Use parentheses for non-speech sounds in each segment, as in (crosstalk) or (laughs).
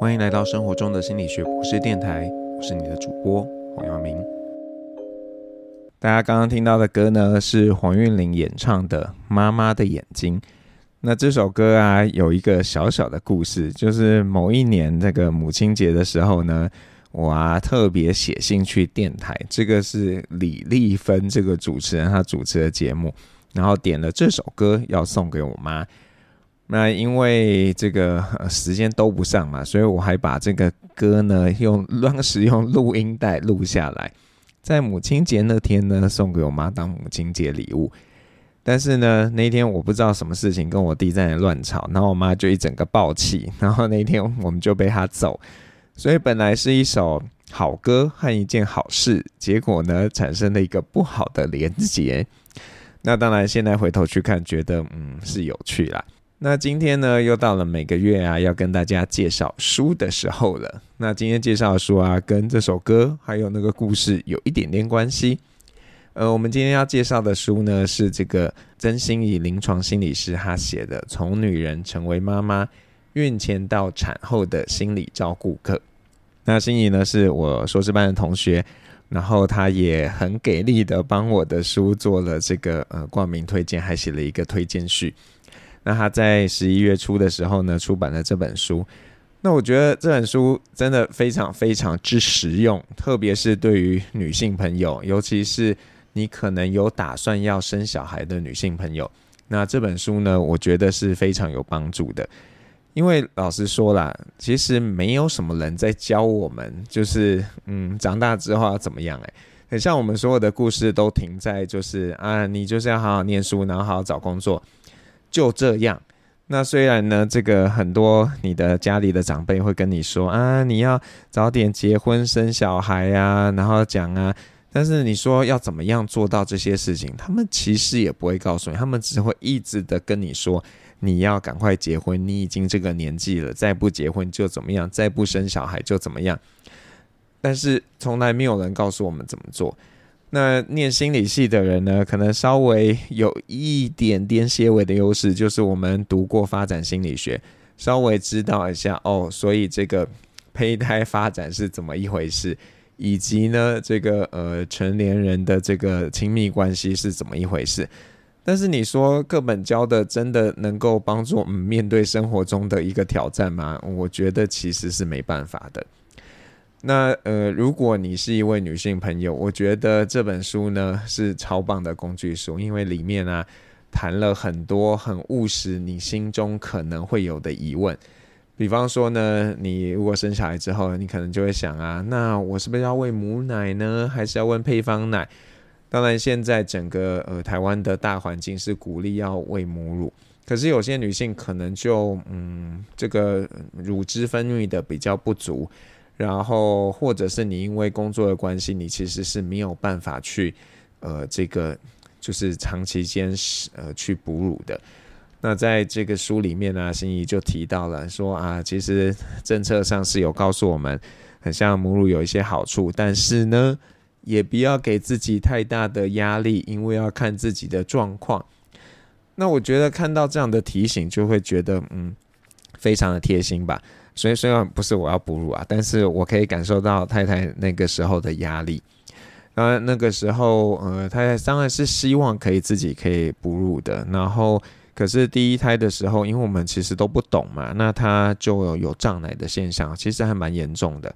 歡迎來到生活中的心理學博士電台，我是你的主播黃耀明。大家剛剛聽到的歌呢，是黃韻玲演唱的《媽媽的眼睛》。那這首歌啊，有一個小小的故事，就是某一年那個母親節的時候呢，我啊特別寫信去電台，這個是李麗芬這個主持人她主持的節目，然後點了這首歌要送給我媽。那因為這個時間都不上嘛，所以我還把這個歌呢用當時用錄音帶錄下來，在母親節那天呢送給我媽當母親節禮物。但是呢，那天我不知道什麼事情跟我弟在那亂吵，然後我媽就一整個爆氣，然後那天我們就被他走。所以本來是一首好歌和一件好事，結果呢產生了一個不好的連結。那當然，現在回頭去看，覺得嗯是有趣啦。那今天呢，又到了每個月啊要跟大家介紹書的時候了。那今天介紹的書啊，跟這首歌還有那個故事有一點點關係。呃，我們今天要介紹的書呢，是這個曾心怡臨床心理師他寫的《從女人成為媽媽：孕前到產後的心理照顧課》。那心怡呢，是我碩士班的同學，然後他也很給力的幫我的書做了這個呃冠名推薦，還寫了一個推薦序。那他在十一月初的時候呢，出版了這本書。那我覺得這本書真的非常非常之實用，特別是對於女性朋友，尤其是你可能有打算要生小孩的女性朋友。那這本書呢，我覺得是非常有幫助的。因為老實說啦，其實沒有什麼人在教我們，就是嗯，長大之後要怎麼樣欸，哎，很像我們所有的故事都停在就是啊，你就是要好好念書，然後好好找工作。就這樣，那雖然呢，這個很多你的家裡的長輩會跟你說啊，你要早點結婚生小孩呀，然後講啊，但是你說要怎麼樣做到這些事情，他們其實也不會告訴你，他們只會一直的跟你說，你要趕快結婚，你已經這個年紀了，再不結婚就怎麼樣，再不生小孩就怎麼樣，但是從來沒有人告訴我們怎麼做。那念心理系的人呢，可能稍微有一點點些微的優勢，就是我們讀過發展心理學，稍微知道一下哦，所以這個胚胎發展是怎麼一回事，以及呢，這個呃成年人的這個親密關係是怎麼一回事。但是你說課本教的真的能夠幫助我們面對生活中的一個挑戰嗎？我覺得其實是沒辦法的。那呃，如果你是一位女性朋友，我覺得這本書呢是超棒的工具書，因為裡面呢啊談了很多很務實你心中可能會有的疑問。比方說呢，你如果生下來之後，你可能就會想啊，那我是不是要餵母奶呢，還是要問配方奶？當然，現在整個呃台灣的大環境是鼓勵要餵母乳，可是有些女性可能就嗯，這個乳汁分泌的比較不足。然後，或者是你因為工作的關係，你其實是沒有辦法去，呃，這個就是長期間是呃去哺乳的。那在這個書裡面呢、啊，心怡就提到了說啊，其實政策上是有告訴我們，很像母乳有一些好處，但是呢，也不要給自己太大的壓力，因為要看自己的狀況。那我覺得看到這樣的提醒，就會覺得嗯。非常的貼心吧，所以雖然不是我要哺乳啊，但是我可以感受到太太那個時候的壓力。當然那個時候，呃，太太當然是希望可以自己可以哺乳的，然後可是第一胎的時候，因為我們其實都不懂嘛，那她就有有脹奶的現象，其實還蠻嚴重的。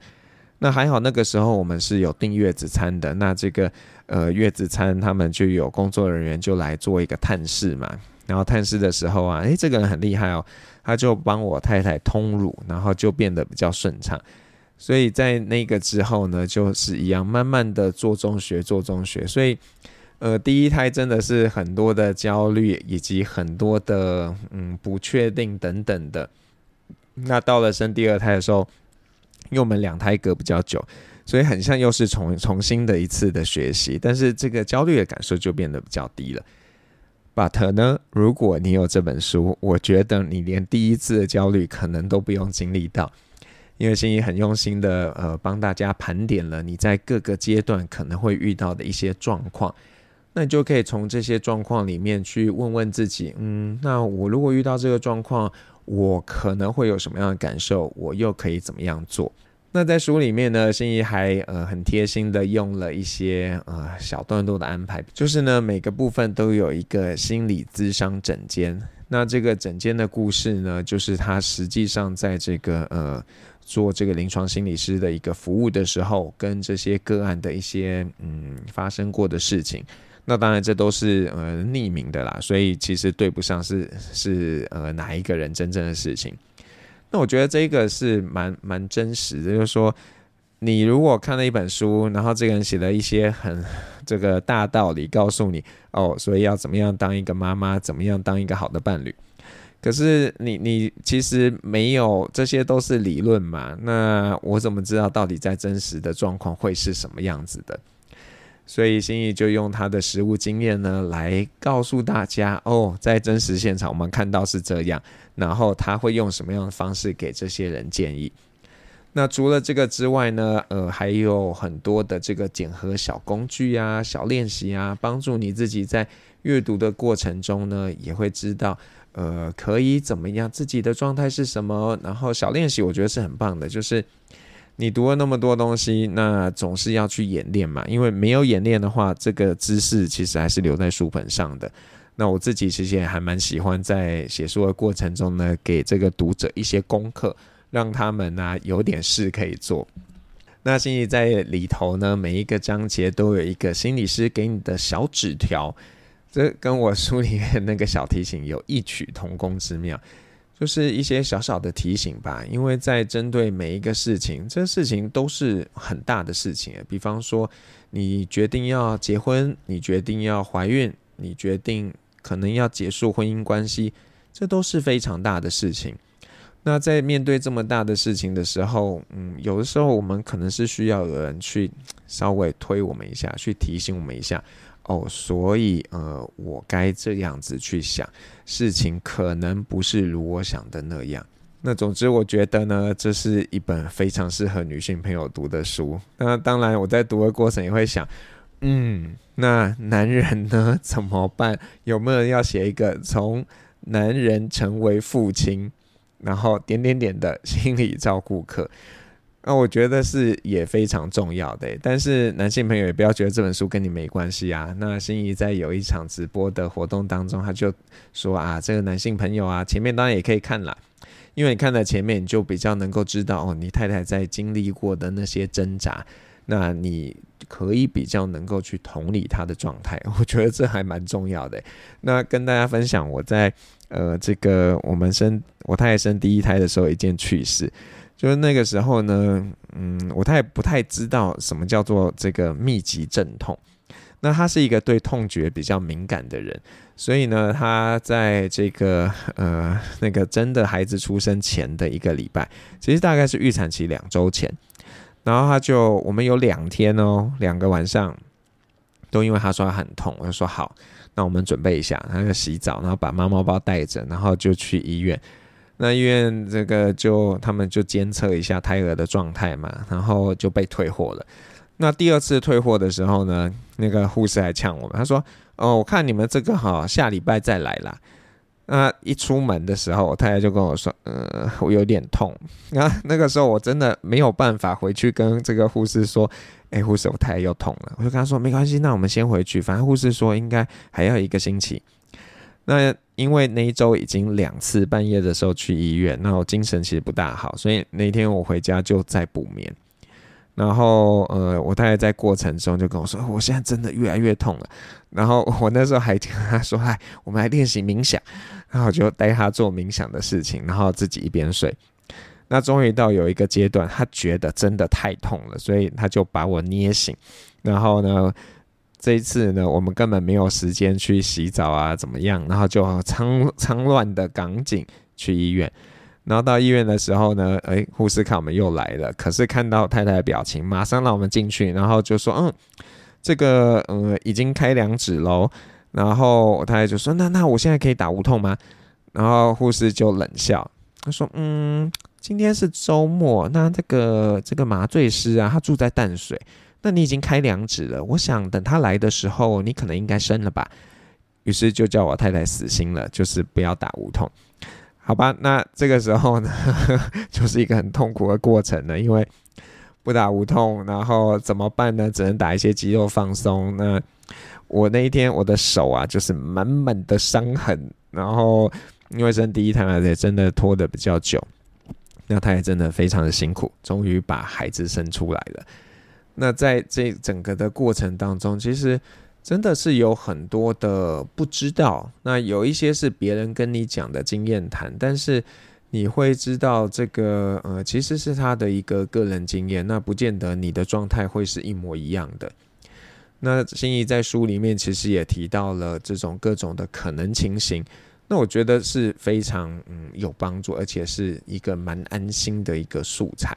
那還好那個時候我們是有訂月子餐的，那這個呃月子餐他們就有工作人員就來做一個探視嘛。然後探視的時候啊，誒，這個人很厲害哦，他就幫我太太通乳，然後就變得比較順暢。所以在那個之後呢，就是一樣慢慢的做中學做中學。所以，呃，第一胎真的是很多的焦慮以及很多的嗯不確定等等的。那到了生第二胎的時候，因為我們兩胎隔比較久，所以很像又是重重新的一次的學習，但是這個焦慮的感受就變得比較低了。But 呢，如果你有這本書，我覺得你連第一次的焦慮可能都不用經歷到，因為心怡很用心的呃幫大家盤點了你在各個階段可能會遇到的一些狀況，那你就可以從這些狀況裡面去問問自己，嗯，那我如果遇到這個狀況，我可能會有什麼樣的感受，我又可以怎麼樣做？那在書裡面呢，心怡還呃很貼心的用了一些呃小段落的安排，就是呢每個部分都有一個心理諮商診間。那這個診間的故事呢，就是他實際上在這個呃做這個臨床心理師的一個服務的時候，跟這些個案的一些嗯發生過的事情。那當然這都是呃匿名的啦，所以其實對不上是是呃哪一個人真正的事情。那我覺得這個是蠻蠻真實的，就是說，你如果看了一本書，然後這個人寫了一些很這個大道理告訴你，哦，所以要怎麼樣當一個媽媽，怎麼樣當一個好的伴侶，可是你你其實沒有，這些都是理論嘛，那我怎麼知道到底在真實的狀況會是什麼樣子的？所以心怡就用他的實務經驗呢，來告訴大家哦，在真實現場我們看到是這樣，然後他會用什麼樣的方式給這些人建議？那除了這個之外呢，呃，還有很多的這個檢核小工具呀、啊、小練習啊，幫助你自己在閱讀的過程中呢，也會知道，呃，可以怎麼樣，自己的狀態是什麼。然後小練習我覺得是很棒的，就是。你讀了那麼多東西，那總是要去演練嘛，因為沒有演練的話，這個知識其實還是留在書本上的。那我自己其實也還蠻喜歡在寫書的過程中呢，給這個讀者一些功課，讓他們呢、啊、有點事可以做。那心怡在裡頭呢，每一個章節都有一個心理師給你的小紙條，這跟我書裡面那個小提醒有異曲同工之妙。就是一些小小的提醒吧，因為在針對每一個事情，這事情都是很大的事情。比方說，你決定要結婚，你決定要懷孕，你決定可能要結束婚姻關係，這都是非常大的事情。那在面對這麼大的事情的時候，嗯，有的時候我們可能是需要有人去稍微推我們一下，去提醒我們一下。哦，所以呃，我該這樣子去想，事情可能不是如我想的那樣。那總之，我覺得呢，這是一本非常適合女性朋友讀的書。那當然，我在讀的過程也會想，嗯，那男人呢，怎麼辦？有沒有人要寫一個從男人成為父親，然後點點點的心理照顧課？那、啊、我覺得是也非常重要的，但是男性朋友也不要覺得這本書跟你沒關係啊。那心怡在有一場直播的活動當中，他就說啊，這個男性朋友啊，前面當然也可以看啦，因為你看在前面，你就比較能夠知道哦，你太太在經歷過的那些掙扎。那你可以比較能夠去同理他的狀態，我覺得這還蠻重要的。那跟大家分享我在呃這個我們生，我太太生第一胎的時候一件趣事，就是那個時候呢，嗯，我太太不太知道什麼叫做這個密集陣痛，那她是一個對痛覺比較敏感的人，所以呢，她在這個呃那個真的孩子出生前的一個禮拜，其實大概是預產期兩周前。然後他就，我們有兩天哦，兩個晚上都因為他說他很痛，我就說好，那我們準備一下，他就洗澡，然後把媽媽包帶着，然後就去醫院。那醫院這個就他們就監測一下胎兒的狀態嘛，然後就被退貨了。那第二次退貨的時候呢，那個護士還嗆我們，他說：“哦，我看你們這個哈，下禮拜再來啦。”那一出門的時候，我太太就跟我說：“呃，我有點痛。”那那個時候我真的沒有辦法回去跟這個護士說：“哎、欸，護士，我太太又痛了。”我就跟他說：“沒關係，那我們先回去。”反正護士說應該還要一個星期。那因為那一周已經兩次半夜的時候去醫院，那我精神其實不大好，所以那天我回家就在補眠。然後，呃，我太太在過程中就跟我說：“我現在真的越來越痛了。”然後我那時候還聽他說：“哎，我們來練習冥想。”然後就帶他做冥想的事情，然後自己一邊睡。那終於到有一個階段，他覺得真的太痛了，所以他就把我捏醒。然後呢，這一次呢，我們根本沒有時間去洗澡啊，怎麼樣？然後就倉倉亂的趕緊去醫院。然後到醫院的時候呢，哎，護士看我們又來了，可是看到太太的表情，馬上讓我們進去，然後就說：“嗯，這個，呃，已經開兩指嘍。”然後我太太就說：“那那我現在可以打無痛嗎？”然後護士就冷笑，他說：“嗯，今天是週末，那這個這個麻醉師啊，他住在淡水，那你已經開兩指了，我想等他來的時候，你可能應該生了吧。”於是就叫我太太死心了，就是不要打無痛。好吧，那這個時候呢， (laughs) 就是一個很痛苦的過程了。因為不打無痛，然後怎麼辦呢？只能打一些肌肉放鬆。那我那一天我的手啊，就是滿滿的傷痕，然後因為生第一胎，而且真的拖得比較久，那他也真的非常的辛苦，終於把孩子生出來了。那在這整個的過程當中，其實。真的是有很多的不知道，那有一些是別人跟你講的經驗談，但是你會知道這個呃，其實是他的一個個人經驗，那不見得你的狀態會是一模一樣的。那心怡在書裡面其實也提到了這種各種的可能情形，那我覺得是非常嗯有幫助，而且是一個蠻安心的一個素材。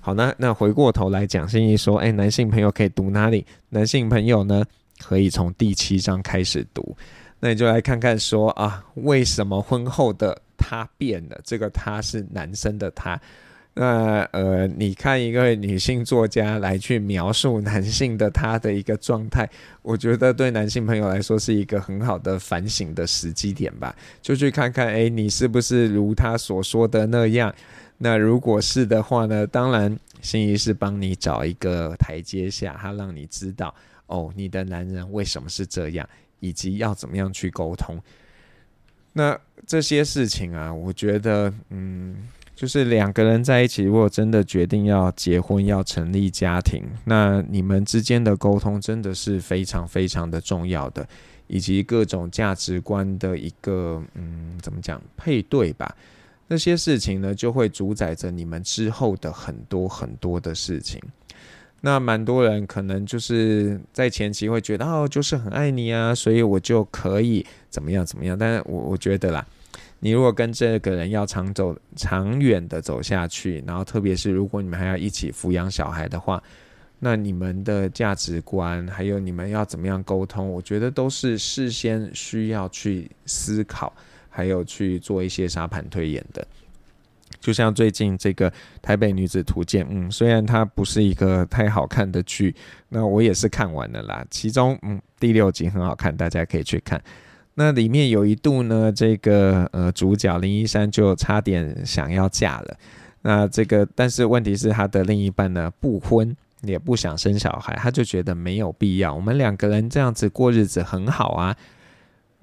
好，那那回過頭來講，心怡說，哎、欸，男性朋友可以讀哪裡？男性朋友呢？可以從第七章開始讀，那你就來看看說啊，為什麼婚後的他變了？這個他是男生的他，那呃，你看一個女性作家來去描述男性的他的一個狀態，我覺得對男性朋友來說是一個很好的反省的時機點吧。就去看看，哎、欸，你是不是如他所說的那樣？那如果是的話呢？當然，心怡是幫你找一個台階下，他讓你知道。哦，你的男人為什麼是這樣，以及要怎麼樣去溝通？那這些事情啊，我覺得，嗯，就是兩個人在一起，如果真的決定要結婚、要成立家庭，那你們之間的溝通真的是非常非常的重要的，以及各種價值觀的一個，嗯，怎麼講，配對吧？那些事情呢，就會主宰着你們之後的很多很多的事情。那蠻多人可能就是在前期會覺得，哦，就是很愛你啊，所以我就可以怎麼樣怎麼樣。但是我我覺得啦，你如果跟這個人要長走長遠的走下去，然後特別是如果你們還要一起撫養小孩的話，那你們的價值觀，還有你們要怎麼樣溝通，我覺得都是事先需要去思考，還有去做一些沙盤推演的。就像最近這個《台北女子圖鑑》，嗯，雖然它不是一個太好看的劇，那我也是看完了啦。其中，嗯，第六集很好看，大家可以去看。那裡面有一度呢，這個呃，主角林一山就差點想要嫁了。那這個，但是問題是他的另一半呢，不婚也不想生小孩，他就覺得沒有必要。我們兩個人這樣子過日子很好啊。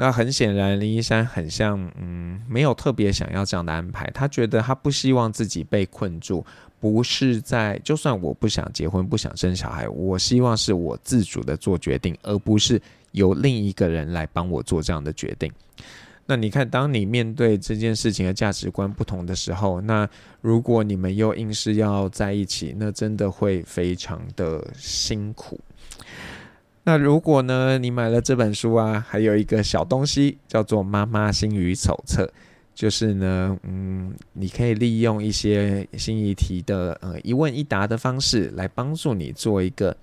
那很顯然，林一山很像，嗯，沒有特別想要這樣的安排。他覺得他不希望自己被困住，不是在就算我不想結婚，不想生小孩，我希望是我自主的做決定，而不是由另一個人來幫我做這樣的決定。那你看，當你面對這件事情的價值觀不同的時候，那如果你們又硬是要在一起，那真的會非常的辛苦。那如果呢，你買了這本書啊，還有一個小東西叫做《媽媽心語手冊》，就是呢，嗯，你可以利用一些心語題的呃一問一答的方式來幫助你做一個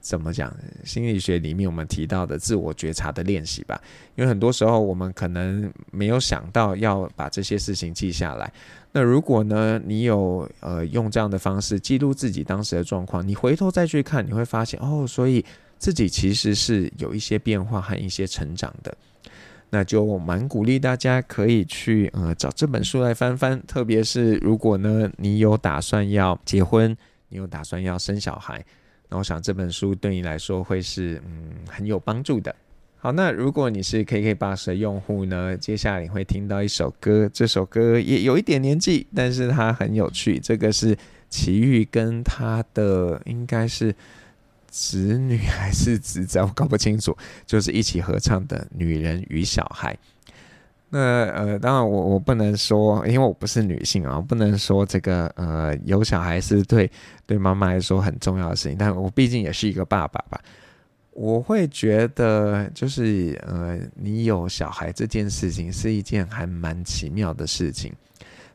怎麼講，心理學裡面我們提到的自我覺察的練習吧。因為很多時候我們可能沒有想到要把這些事情記下來。那如果呢，你有呃用這樣的方式記錄自己當時的狀況，你回頭再去看，你會發現哦，所以。自己其實是有一些變化和一些成長的，那就蠻鼓勵大家可以去呃找這本書來翻翻，特別是如果呢，你有打算要結婚，你有打算要生小孩，那我想這本書對你來說會是嗯很有幫助的。好，那如果你是 K K 八十的用戶呢，接下來你會聽到一首歌，這首歌也有一點年紀，但是它很有趣，這個是奇遇跟他的應該是。子女還是侄子，我搞不清楚。就是一起合唱的《女人與小孩》那。那呃，當然我我不能說，因為我不是女性啊，我不能說這個呃有小孩是對對媽媽來說很重要的事情。但我畢竟也是一個爸爸吧，我會覺得就是呃，你有小孩這件事情是一件還蠻奇妙的事情。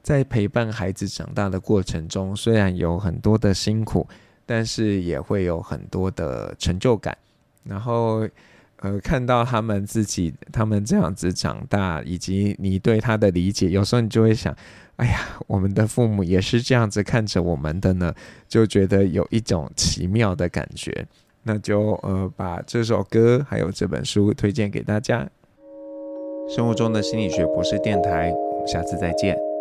在陪伴孩子長大的過程中，雖然有很多的辛苦。但是也會有很多的成就感，然後，呃，看到他們自己，他們這樣子長大，以及你對他的理解，有時候你就會想，哎呀，我們的父母也是這樣子看着我們的呢，就覺得有一種奇妙的感覺。那就呃，把這首歌還有這本書推薦給大家。生活中的心理學博士電台，我們下次再見。